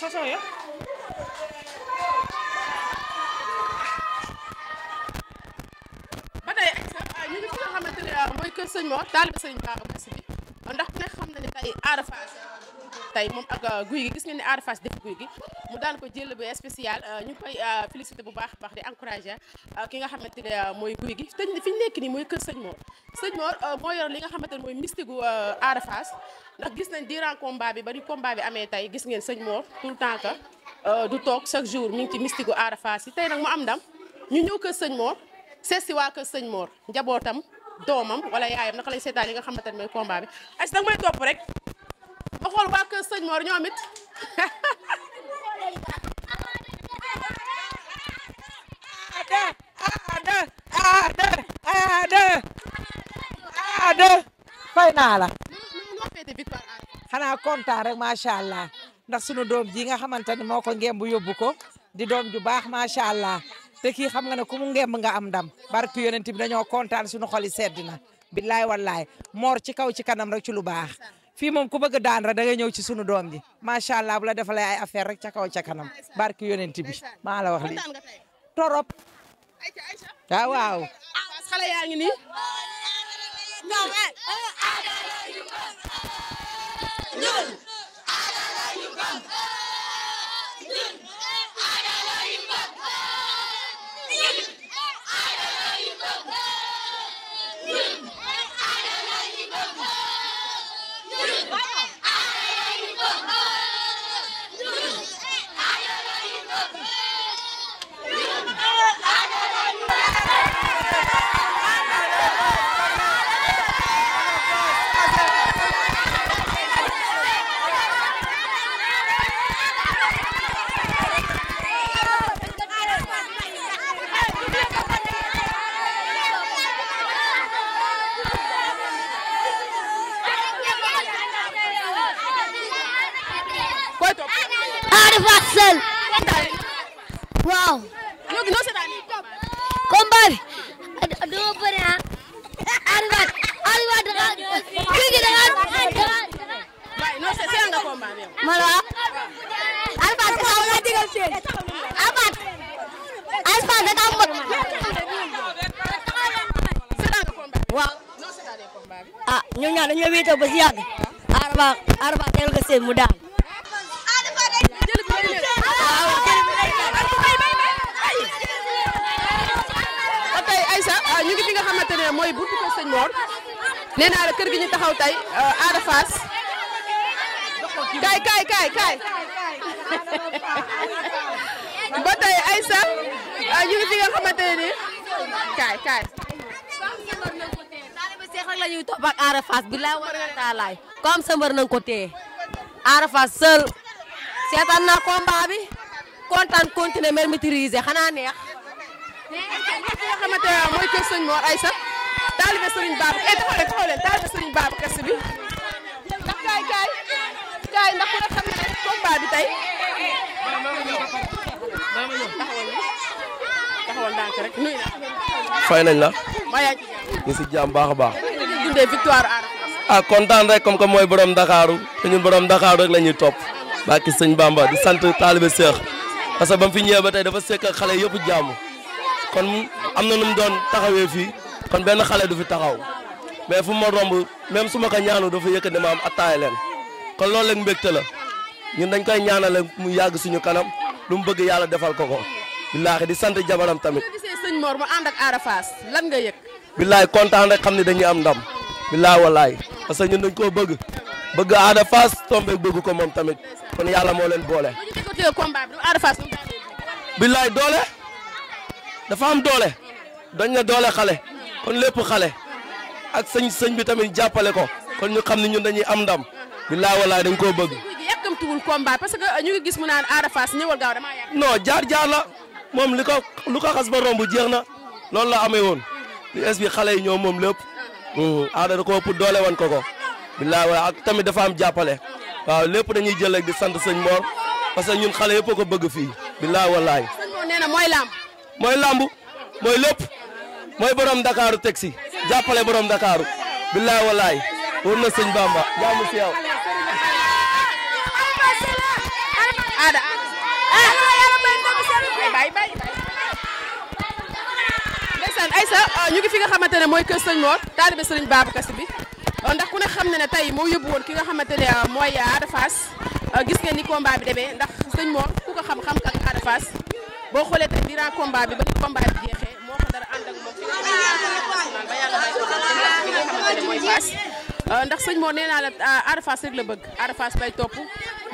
천천히 해요? ba tey ñu ngi nga xamante ne ah, mooy kër sëñ Mor taalibe sëñ Bara ndax ku ne xam na ne tey Ada Fass moom ak ah, guy gi gis ngeen ne Ada Fass def guy gi mu daan ko jël bu spécial ah, ñu ngi koy félicité bu baax a baax di encouragé ki nga xamante ne mooy guy gi te fi ñu nekk nii mooy kër sëñ Mor sëñ Mor moo yor li nga xamante ne mooy mystique gu Ada ndax gis nañ durant combat bi bari ni bi amee tey gis ngeen sëñ Mor tout le temps que du toog chaque jour mi ngi ci mystique gu Ada Fass yi tey nag mu am ndam ñu ñëw kër sëñ Mor seet si waa kër sëñ Mor njabootam doomam wala yaayam naka lay seetaan li nga xamante ne mooy combat bi ay si nag may topp rek ba xool waa kër sëñ Mor ñoom it Aada Aada Aada Aada fay naa la xanaa kontaan rek macha allah ndax sunu doom ji nga xamante ni moo ko ngemb yóbbu ko di doom ju baax macha allah te kii xam nga ne ku mu nga am ndam barki yonent bi dañoo kontaan sunu xol yi sedd na. billaay wallaay moor ci kaw ci kanam rek ci lu baax fii moom ku bëgg daan rek da ngay ñëw ci sunu doom ji macha allah bu la defalee ay affaire rek ca kaw ca kanam barki yonent bi maa la wax lii torop waaw Nul ñoom ñaar dañoo wéetoo ba si yàgg arba arba teel ko seen mu daan tey Aïssa ah, ñu ngi fi nga mooy buntu ko sëñ Mor nee naa kër gi ñu taxaw tey ah, Ada Fass kaay kaay kaay kaay ba ah, ñu ngi fi nga xamante ne kaay la ñuy topp ak Ada Fass billaay taalaay comme sa mbër na nga ko téye Ada Fass seul seetaan na combat bi kontaan continuer mel maîtriser xanaa neex. mais est mooy kër sëñ Mor Aïssa taalibe sëriñ Baaba eh ndax kaay kaay ndax ku ne xam ne combat bi tey. fay nañ la. maa ngi baax baax. tuddee victoire ah, kontaan rek comme que mooy borom Dakaaru te ñun borom Dakaaru rek la ñuy topp bàkki sëñ Bamba di sant taalibe Seex parce que ba mu fi ñëwee ba tey dafa sekk ak xale yëpp jàmm kon am na nu mu doon taxawee fii kon benn xale du fi taxaw mais fu ma romb même su ma ko ñaanu dafa yëkk ma am attaaya leen kon loolu rek mbégte la ñun dañ koy ñaanale mu yàgg suñu kanam lu mu bëgg yàlla defal ko ko billaahi di sant jabaram tamit. sëñ Mor mu ànd ak Arafaas lan nga yëg. billaahi kontaan rek xam ne dañuy am ndam. billaay wallaay parce que ñun dañ koo bëgg bëgg Ada Fass tombé bëgg ko moom tamit kon yàlla moo leen boole. billaay doole dafa am doole dañ ne doole xale kon lépp xale ak sëñ sëñ bi tamit jàppale ko kon ñu xam ne ñun dañuy am ndam billaay wallaay dañ koo bëgg. yàkkamtiwul combat parce que ñu gis mu naan Ada Fass ñëwal gaaw dama yàq. non jaar jaar la moom li ko lu ko ba romb jeex na loolu la amee woon li es bi xale yi ñoom moom lépp. aada da ko ëpp doole wan ko ko. bilaay wala ak tamit dafa am jàppale. waaw lépp dañuy jël rek di sant sëñ Mor parce que ñun xale yëpp ko bëgg fii. bilaay walaay. sëñ Mor nee na mooy làmb. mooy làmb mooy lépp Dakaaru taxi jàppale borom Dakaaru. bilaay walaay wër na sëñ Bamba jaamu si yow. Aïssa ah, ñu ngi fi nga xamante ne mooy kër sëñ Mor taalibe sëriñ Babacar Sy bi ah, ndax ku ne xam na ne tey moo yóbbu woon ki nga xamante ne ah, mooy Ada gis ngeen ni komba bi demee ndax sëñ ku ko xam-xam ak Ada boo xoolee tey durant combat bi ba ni combat bi jeexee moo ko dara ànd ak moom fi nga xamante ba ne ndax sëñ nee naa la Ada rek la bëgg Ada Fass lay topp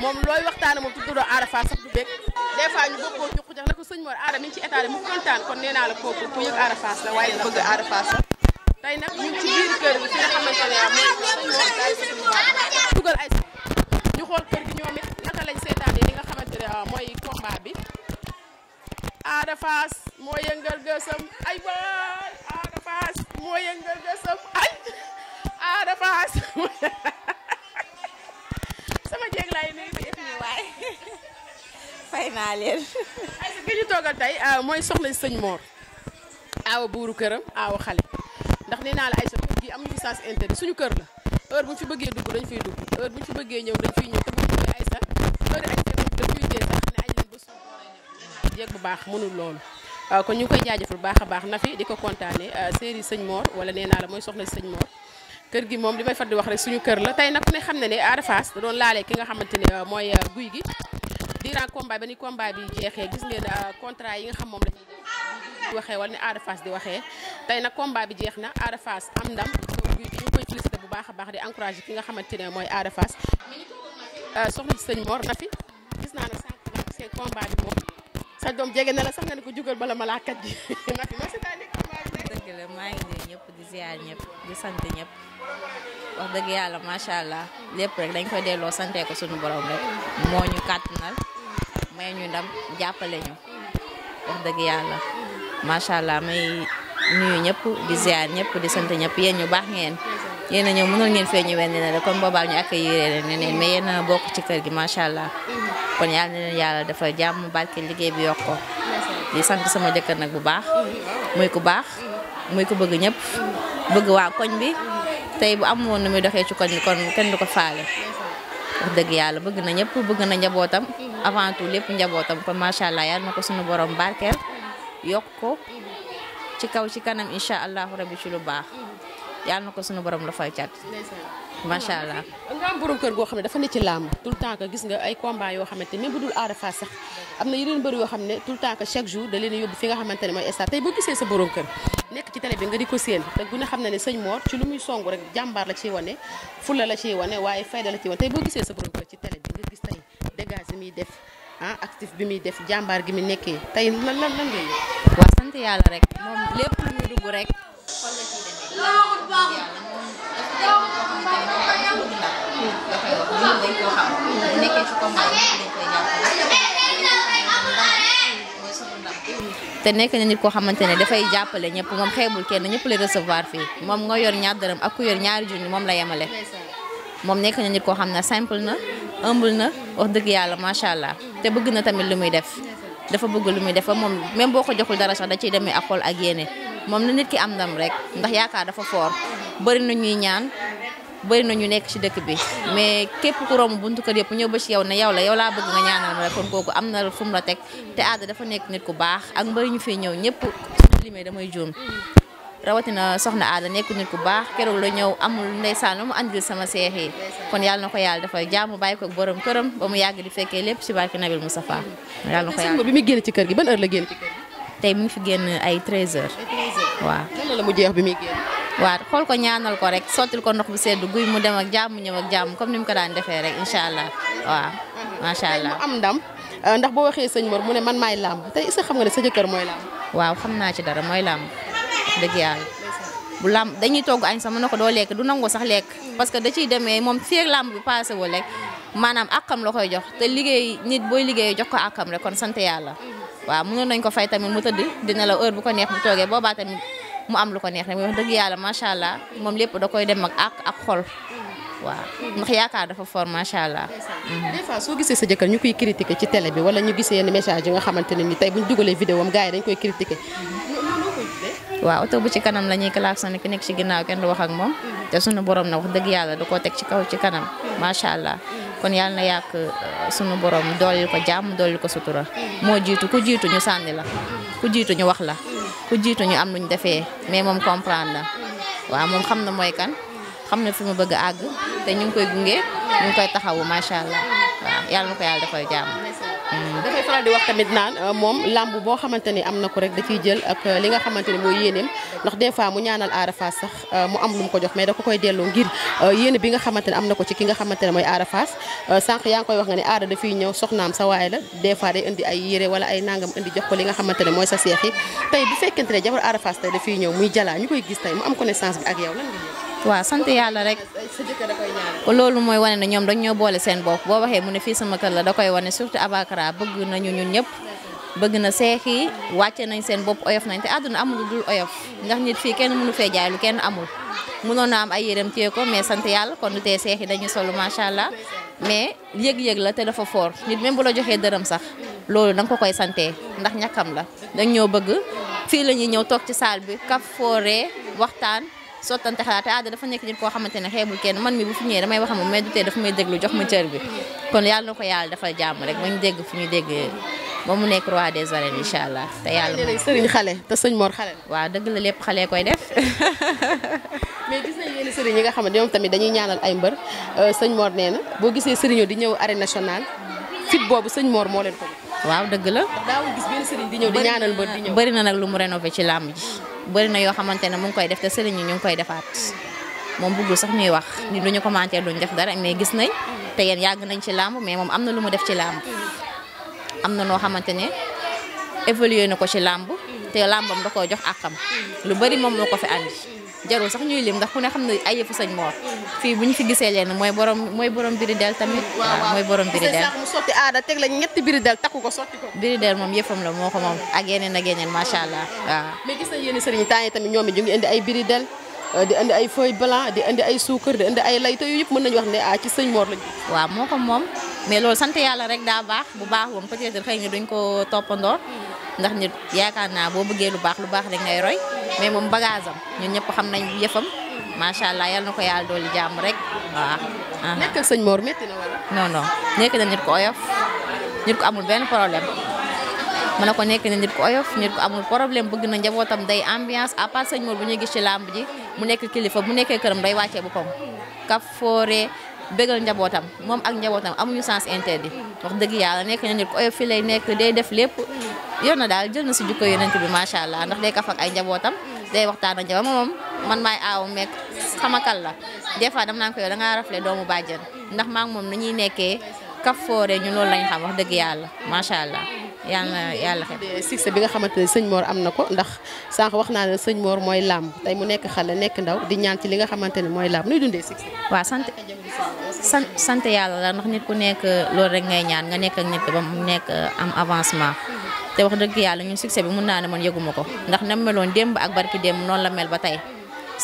moom looy waxtaane moom tuddoo Ada Fass sax bëgg des fois ñu bëgg koo jox jox ko sëñ Mor aada mi ngi ci état de mu kontaan kon nee la kooku ku yëg aada Fass la waaye bëgg aada Fass la nag ñu ngi ci biir kër gi ñu xool kër gi ñoom it naka lañ seetaanee li nga xamante ah, mooy combat bi aada Fass moo yëngal gësam ay waay aada Fass moo yëngal gësam ay aada Fass sama jéeg laay nii waaye fay naa leen. ayca ki ñu toogal tey euh, mooy soxna sëñ moor aawa buuru këram aaw xale. ndax nee naa la ay kër gi am sens intérêt suñu kër la heure bu ñu fi bëggee dugg dañ fiy dugg heure bu ñu fi bëggee ñëw dañ fiy ñëw te bu ñu ñëwee ayca heure ayca dañ fiy bu baax mënul loolu. Euh, kon ñu ngi koy jaajëfal baax a baax na fi di ko kontaanee euh, série sëñ Mor wala nee naa la mooy soxna sëñ Mor. kër gi moom li may far di wax rek suñu kër la tey nag ku ne xam ne ne Ada Fass da ki nga xamante ne mooy guy gi naa combat ba ni combat bi jeexee gis ngeen euh, contrat yi nga xam moom la ñuy waxee wala ni Ada Fass di waxee tey nag combat bi jeex na Ada Fass am ndam ñu ngi koy bu baax a baax di encouragé ki nga xamante ne mooy Ada Fass euh, soxna sëñ Mor na fi gis naa ne nag seen combat na la ko jugal bala malaakat ji na fi ma seetaan nekk dëgg la maa ngi nuyu ñëpp di ziar ñëpp di sant ñëpp wax dëgg yàlla macha allah lépp rek dañ koy delloo santee ko suñu borom rek moo ñu kàttanal may ñu dam jàppale ñu wax dëgg yàlla macha allah may nuyu ñëpp di ziar ñëpp di sant ñëpp yéen ñu baax ngeen yéen a ñëw mënoon ngeen fee ñëwee ne la comme boobaa ñu accueillir leen ne mais yéen a bokk ci kër gi macha allah kon yàlla na leen yàlla dafa jàmm barke liggéey bi yokk ko di sant sama jëkkër nag bu baax muy ku baax muy ku bëgg ñëpp bëgg waa koñ bi tey bu am woon nu muy doxee ci koñ bi kon kenn du ko faale dëgg yàlla bëgg na ñëpp bëgg na njabootam avant tout lépp njabootam kon macha allah yal na ko suñu borom barkeel yokk ci kaw ci kanam incha allahu rabi ci lu baax yal na ko suñu borom la fay cat. macha allah nga am borom kër goo xam ne dafa ne ci làmb tout le temps que gis nga ay combat yoo xamante même bu dul aada faa sax am na yeneen mbër yoo xam ne tout temps que jour da leen yóbbu fi nga xamante ne mooy stade tey boo gisee sa borom kër. nekk ci télé bi nga di ko séen te bu ñu xam ne ne sëñ Mor ci lu muy song la ciy wane fulla la ciy wane muy def ah actif bi muy def jàmbaar gi mu nekkee tey lan sant yàlla rek moom lépp nekk na nit koo xamante ne dafay jàppale ñëpp moom xeebul kenn ñëpp lay recevoir fii moom nga yor ñaar dërëm ak ku yor ñaari junni moom la yemale moom nekk na nit koo xam ne simple na humble na wax dëgg yàlla macha allah te bëgg na tamit lu muy def dafa bëgg lu muy def moom même boo ko joxul dara sax da ciy demee ak xol ak yéene moom na nit ki am ndam rek ndax yaakaar dafa foor bëri na ñuy ñaan bëri na ñu nekk ci dëkk bi mais képp ku romb buntu kër yëpp ñëw ba ci yow ne yow la yow laa bëgg nga ñaanal ma kon kooku am na fu mu la teg te aada dafa nekk nit ku baax ak mbëri ñu fi ñëw ñëpp suñu limee damay juum rawatina soxna aada nekk nit ku baax keroog la ñëw amul ndeysaan mu andil sama seex kon yàlla na ko yàlla dafa jaamu bàyyi ko ak borom ba mu yàgg di fekkee lépp ci barke Nabil mu yàlla na yàlla bi muy génn ci kër gi ban heure la génn tey mu ngi fi génn ay 13 heures waaw la mu jeex bi muy génn waaw xool ko ñaanal ko rek sottil ko ndox bu sedd guy mu dem ak jàmm ñëw ak jàmm comme ni mu ko daan defee rek incha allah waaw macha allah mu am ndam ndax boo waxee sëñ Mor mu ne man maay làmb tey est-ce que xam nga ne sa jëkkër mooy làmb waaw xam naa ci dara mooy làmb dëgg yàlla bu làmb dañuy togg añ sax mën na ko doo lekk du nangu sax lekk parce da ciy demee moom feeg làmb bi passé rek maanaam àqam la koy jox te liggéey nit booy liggéey jox ko àqam rek kon sant yàlla waaw mënoon nañ ko fay tamit mu tëdd dina la heure bu ko neex bu toogee boobaa mu am lu ko neex rek dëgg yàlla macha allah moom lépp da koy dem ak ak xol waaw ndax yaakaar dafa fort macha allah. soo gisee sa jëkkër ñu koy critiquer ci télé waaw oto bu ci kanam la ñuy klaxonné ku nekk ci ginnaaw kenn du wax ak moom mm-hmm. te suñu borom na wax dëgg yàlla da koo teg ci kaw ci kanam mm-hmm. macha allah mm-hmm. kon yàlla na yàq euh, sunu borom doolil ko jàmm doolil ko sutura moo jiitu ku jiitu ñu sànni la ku jiitu ñu wax la ku jiitu ñu am luñ defee mais moom comprendre la waaw moom xam na mooy kan xam na fi mu bëgg àgg te ñu ngi koy gunge ñu koy taxawu macha allah waaw yàlla na ko yàlla dafay jàmm dafay faral di wax tamit euh, am na ko rek da ciy jël ak euh, li nga xamante ni mooy yéeneem ndax des fois mu ñaanal Ada Fass sax euh, ko jox mais da ko koy delloo ngir yéene bi nga xamante ne am na ko ci ki nga xamante ne mooy Ada Fass sànq yaa ngi koy wax nga ne Ada dafiy ñëw soxnaam sa waay la des fois day indi ay yére ay nangam indi jox ko li nga xamante ne mooy sa seex yi tey bu fekkente ne jabar Ada Fass tey dafiy ñëw muy jalaa ñu koy gis tey mu am connaissance bi ak yow lan nga waaw sant yàlla rek loolu mooy wane ne ñoom dañ ñoo boole seen bopp boo waxee mu ne fii sama kër la da koy wane surtout Abakara bëgg nañu ñun ñëpp bëgg na seex wàcce nañ seen bopp oyof nañ te àdduna amul lu dul oyof ndax nit fii kenn mënu fee jaay lu kenn amul mënoon na am ay yérem ko mais sant yàlla kon du tee seex yi dañuy solo macha allah mais yëg-yëg la te dafa fort nit même la joxee dërëm sax loolu da ko koy sante ndax ñàkkam la dañ bëgg fii la ñuy ñëw toog ci saal bi kaf fooree waxtaan sottante xalaat te ah, aada dafa nekk nit koo xamante ne xeebul kenn man mi bu fi ñëwee damay wax moom mais du tee dafa may déglu jox ma cër bi kon yàlla na ko yàlla dafa jàmm rek bañ dégg fu ñu dégg ba mu nekk roi des arènes incha allah te yàlla moom sëriñ xale te sëñ Mor xale waaw dëgg la lépp xale koy def mais nga xamante ñoom tamit dañuy ñaanal ay mbër euh, sëñ Mor na boo gisee sëriñoo di ñëw arène national fit boobu sëñ moor moo leen ko waaw dëgg la daawul gis benn di ñaanal mbër di ñëw na nag lu mu rénové ci làmb ji bëri na yoo xamante ne mu ngi koy def te sëriñ ñu ngi koy defaat moom bëggul sax ñuy wax ñu duñu commenter duñ def dara mais gis nañ te yéen yàgg nañ ci làmb mais moom am na lu mu def ci làmb am na noo xamante ne évolué na ko ci làmb te làmbam da koo jox àqam lu bëri moom moo ko fi andi jarul sax ñuy lim ndax ku ne xam ne ay yëfu sëñ moor fii bu ñu fi gisee leen mooy borom mooy borom biri del tamit mooy borom biri del mu sotti aada teg la ñetti biri del takku ko sotti ko biri del moom yëfam la moo ko moom ak yeneen ak yeneen macha allah waaw mais gis nañ yéen sëriñ yi tamit ñoom it ñu ngi indi ay biri euh, di indi ay feuille blanc di indi ay suukar di indi ay lay yëpp mën nañu wax ne ah, ci sëñ moor lañ waaw moo ko moom mais loolu sant yàlla rek daa baax bu baax woon peut-être xëy na dañ ko toppandoo hmm. ndax nit yaakaar naa boo bëggee lu baax lu baax rek ngay roy mais moom bagage am ñun ñëpp xam nañ yëfam macha allah yal na ko yàlla dooli jàmm rek waaw. nekk ak sëñ Mor métti na wala. non non nekk na nit ko oyof nit ko amul benn problème. mën na ko nekk nañ nit ko oyof nit ko amul problème bëgg na njabootam day ambiance à part sëñ Mor bu ñu gis ci làmb ji mu nekk kilifa mu nekkee këram day wàccee boppam. kafoore bégal njabootam moom ak njabootam amuñu sens interdit wax dëgg yàlla nekk na nit ku oyof fi lay nekk day def lépp yor na daal jël na si jukko yonent bi macha allah ndax day kaf ak ay njabootam day waxtaan ak njabootam moom man maay aaw meek xamakal la des fois dama naan ko yow da ngaa rafle doomu bàjjen ndax maa moom nu ñuy nekkee kaf foore ñu loolu lañ xam wax dëgg yàlla macha allah yàlla na yàlla xel succès bi nga xamante ne sëñ moor am na ko ndax sànq wax naa ne sëñ Mor mooy làmb tey mu nekk xale nekk ndaw di ñaan ci li nga xamante ne mooy làmb nuy dundee succès. waa sant sant sant yàlla la ndax nit ku nekk loolu rek ngay ñaan nga nekk ak nit ba mu nekk euh, am avancement. te wax dëgg yàlla ñu succès bi mun naa ne man yëguma ko ndax na meloon démb ak barki démb noonu la mel ba tey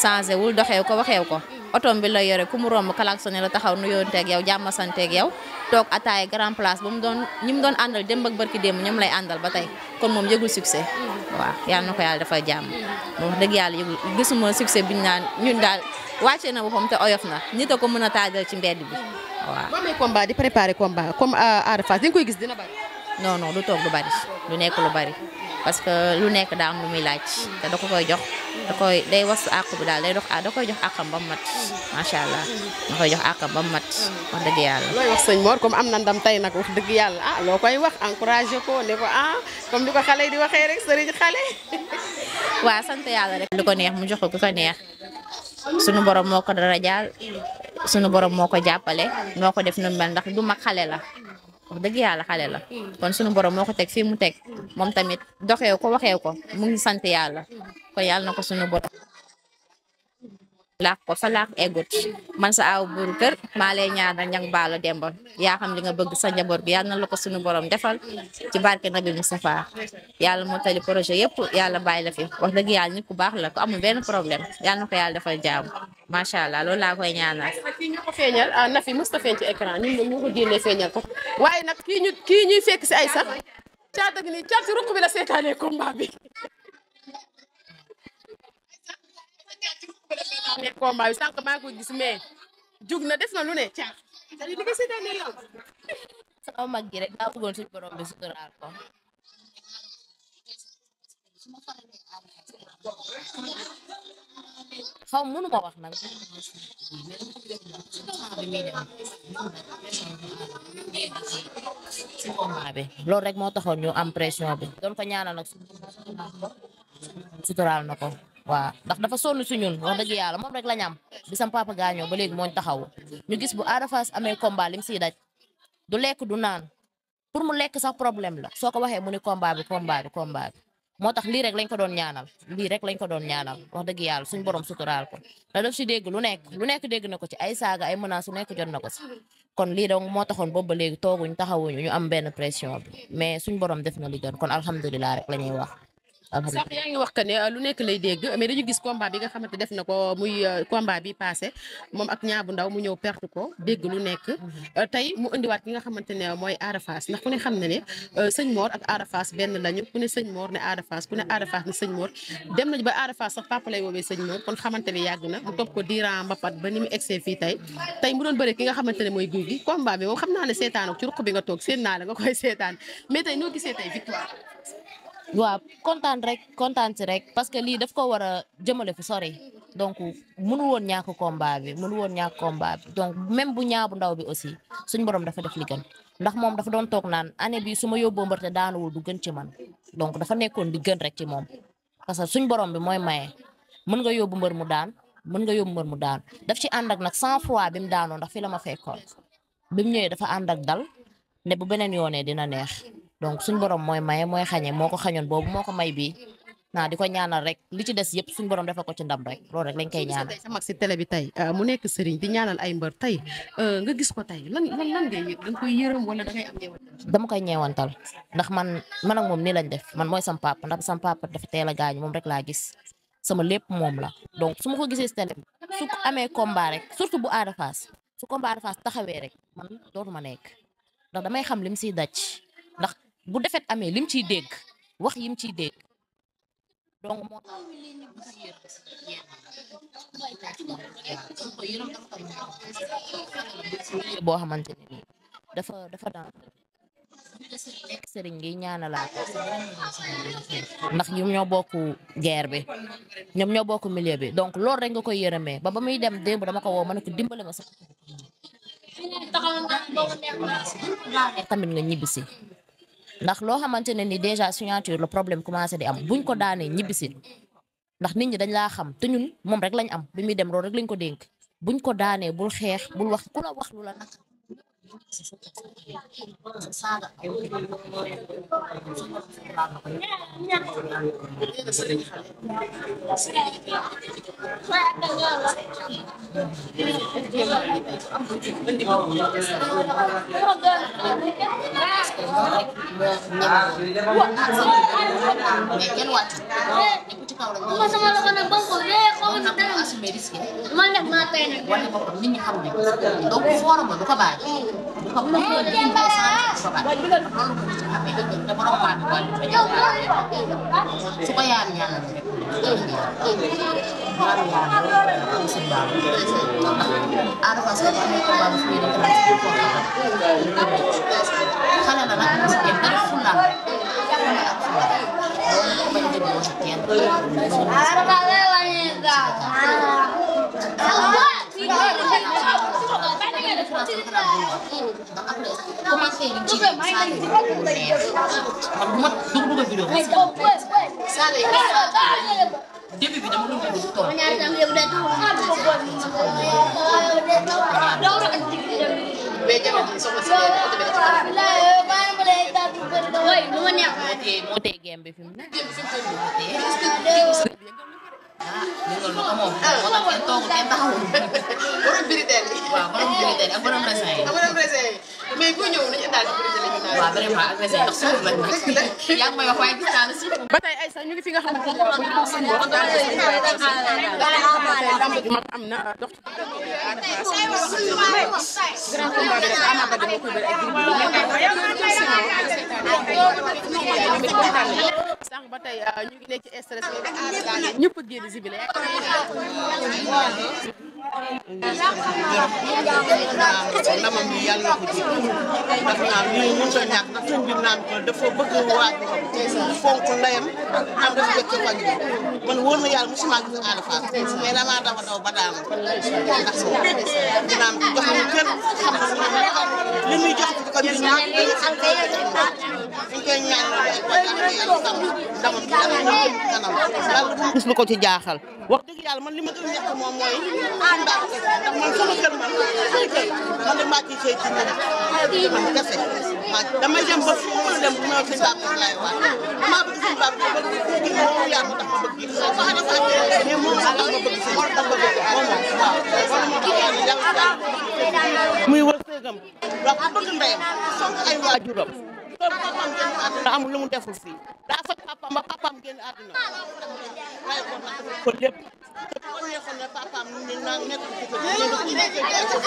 changé wul doxew ko waxew ko. otom bi la yore ku mu romb klaxonné la taxaw nuyonteeg yow jàmm santeeg yow toog ataay grand place ba mu doon ñi mu doon àndal démb ak barki démb ñoom lay àndal ba tey kon moom yëgul succès mm-hmm. waaw yal na ko yàlla dafa jàmm mm-hmm. wax dëgg yàlla yëgul gisuma bi ñu naan ñun daal wàcce na boppam te oyof na nit a ko mën a taajal ci mbedd bi mm-hmm. waaw boo amee combat di préparer combat comme euh, a Fass di koy gis dina bari non non du toog lu bari du nekk lu bari parce que lu nekk daa am lu laaj te da ko koy jox koy day wasu àq daal day dox ah, da koy jox àqam mat macha allah da koy jox àqam ba mu mat wax dëgg looy wax sëñ Mor comme am na ndam tey nag wax dëgg yàlla ah loo koy wax encouragé ko ne ko ah comme rek sëriñ sant yàlla rek li ko neex mu jox ko ki ko neex sunu borom moo ko dara jaal sunu borom moo ko jàppale moo ko def nu mel ndax du mag xale la wax dëgg yàlla xale la kon sunu borom moo ko teg fii mu teg moom tamit doxee ko waxee ko mu ngi sant yàlla kon yàlla na ko sunu borom làq ko fa làq eggut man sa aaw buuru kër maa lay ñaanal ñang baalo dembal yaa xam li nga bëgg sa njaboot bi yàlla na la ko suñu borom defal ci barke nabi Mustafa yàlla moo tali projet yëpp yàlla bàyyi la fi wax dëgg yàlla nit ku baax la ko amul benn problème yàlla na ko yàlla defal jaamu macha allah loolu laa koy ñaanal. ko feeñal a ah, fi mës ta feeñ ci écran ñun ñu ko génnee feeñal ko waaye nag kii ñu kii ñuy fekk si ay sax caa dëgg nii caa si ruq bi la seetaanee ne combat bi sànq maa ngi koy gis mais na def na lu ne caax. c'est-à-dire li nga seetaan ne yow. sama mag gi rek daa bëggoon bi suturaal ko. xaw mënu ma wax nag. si bi loolu rek moo taxoon ñu am pression bi. suturaal na ko. waaw ndax dafa sonn si ñun wax dëgg yàlla moom rek la ñu am bi sam papa gaañoo ba mooñ taxaw ñu gis bu Ada Fass amee combat li mu siy daj du lekk du naan pour mu lekk sax problème la soo ko waxee mu ni combat bi combat moo tax lii rek lañ ko doon ñaanal lii rek lañ ko doon ñaanal wax dëgg yàlla suñ borom suturaal ko da def si dégg lu nekk lu nekk dégg na ko ci ay saaga ay menaces lu nekk jot na ko si kon lii donc moo taxoon boobu ba léegi tooguñ taxawuñu ñu am benn pression mais suñ borom def na li doon kon alhamdulilah rek la ñuy wax sax yaa ngi wax que ne lu nekk lay dégg mais dañu gis combat bi nga xamante def na ko muy euh, bi passé moom ak ñaabu ndaw mu ñëw perte ko dégg lu nekk mhm. euh, tey mu indiwaat ki nga xamante ne mooy Ada Fass ndax ku ne xam ne euh, ak Ada Fass benn lañu ku ne sëñ Mor ne Ada Fass ku ne Ada Fass ba Ada Fass sax papa lay woowee sëñ yàgg na mu topp ko diiran ba ni mu egsee fii tey tey mu ki nga xamante ne mooy guy gi combat bi moom xam naa ne seetaan ci ruq bi nga toog seen naa la nga koy seetaan mais tey noo gisee tey victoire waaw kontaan rek kontaan rek parce que lii daf ko war a jëmale fu sori donc mënu woon ñàkk combat bi mënu woon ñàkk combat bi donc même bu ñaabu ndaw bi aussi suñ borom dafa def li gën ndax moom dafa doon toog naan année bi su ma yóbboo mbër te daanuwul du gën man donc dafa nekkoon di gën rek ci moom parce que suñ borom bi mooy maye mën nga yóbbu mbër mu daan mën nga yóbbu mbër mu daan daf ci ànd ak nag cent fois bi daanoo ndax fi la ma fekkoon bi mu ñëwee dafa ànd ak dal ne bu beneen yoonee dina neex. donc suñ borom mooy maye mooy xañe moo ko xañoon boobu moo ko may bii naa di ko ñaanal rek li ci des yëpp suñ borom defal ko ci ndam rek loolu rek lañ koy ñaanal. sa mag si tey ah, mu nekk sëriñ di ñaanal ay mbër tey ah, nga gis ko tey lan lan lan da nga koy yërëm wala ndax man man ak moom nii lañ def man mooy sam papa ndax sam papa dafa teel a gaañu moom rek laa gis sama lépp moom la donc su ma ko gisee si télé bi su amee combat rek surtout bu Ada Fass su combat Ada taxawee rek man ma nekk ndax damay xam lim siy daj ndax bu defet amee lim ciy dégg wax yim ci dégg donc moo boo xamante ne nii dafa dafa daan nekk sëriñ ñaanalaat ndax ñoom ñoo bokk guerre bi ñoom ñoo bokk milieu bi donc loolu rek nga koy yërëmee ba ba muy dem démb dama ko woo ma ne ko dimbale ma sax tamit nga ñibbisi ndax loo xamante ne ni déjà signature le problème commencé di am buñ ko daanee ñibbisi ndax nit ñi dañ laa xam te ñun moom rek lañ am bi muy dem loolu rek lañ ko denk buñ ko daanee bul xeex bul wax ku la wax lu la nag ma sama loxo nag ba mu ko wee xaw ma dara man nag maa tey nag wane ko nit ñi xam ne donc forum du ko bàyyi du ko bàyyi du ko bàyyi loolu ko ci xamee da borom waat waat su ko yaar ñaanal ñaari laa am seen baax Ada Fass dafa am combat bu fi yéene France bi koo xam xale na nag si dem bëri fulla fulla ak fulla loolu bañ dégg wax kenn commencé ñu ci saa yu neex man bu ma dugg dugg vidéo saa yu début bi dama doon dugg si tool. mais jamono ji soxna si benn côté bi moo tee gembe fi mu ne. loolu nag amoo. ah moo tax kenn toogu kenn taxawul. borom biriteel yi. waaw borom biriteel yi ak borom raisin yi. ak borom raisin yi. waaw ba tey ay sax ñu ngi fi nga xam ne moom mooy pour suñu bopp daal di am na dox ci grand combat bi rek Ama Baldé ba tey ñu ngi nekk ci stress ñëpp a génn zibilé ndamam bi yàlla na ko ji daf naan lii mënut a ñàkk ndax sëñ bi naan ko dafa bëgg waajuram fonk ndeyam am dafa bëgg wàññ bi man wóor na yàlla mosuma gis Ada Fass mais damaa daw a daw ba daanu ndax naan jox na kër xam na li muy jox ko ñun ñaan dañu xam ko dañ koy ñaan ndamam bi dana ñëw kanam yàlla bu ko ci jaaxal wax dëgg yàlla man li ma gën a ñàkk moom mooy ndax man sama kër man sama kër man de maa ciy sëy ci ñeneen man kese man damay dem ba fu mu mën a dem bu ma sëñ Baba laay waat maa bëgg sëñ Baba ba kii moom yaa ma tax ma bëgg mais moom moo tax ma bëgg sëñ moo tax ma bëgg moom waaw kon moo tax yàlla yàlla muy wërsëgam waaw ku bëgg ndeyam sonk ay waajuram boobu papaam génn àdduna amul lu mu deful fii daa faj papaam ba papaam génn àdduna waaye kon nag ko lépp kon nekkoon ne papaam ni naa nekk ci ko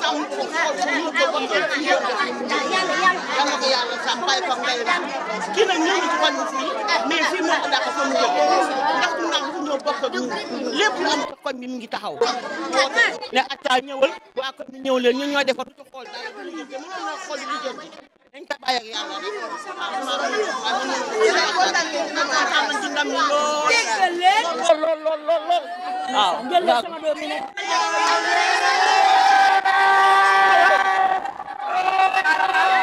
sàmm ko xool mu ko kon def ci yoon def yàlla ko yàlla sàmm bàyyi ko ngay la kii nag ñëw ci fan fii mais fii moo ko dàq fa mu jóg ndax du nangu ñoo bokk ak ñun lépp lu am kon bi mu ngi taxaw ne atta ñëwal waa kon ñëw leen ñu ñoo defar du ci xool dara du liggéey mënoon naa xool du liggéey dañ ko bàyyi ak yàlla rek lool lool lool lool waaw jël na sama doom yi nag Allahu Akbar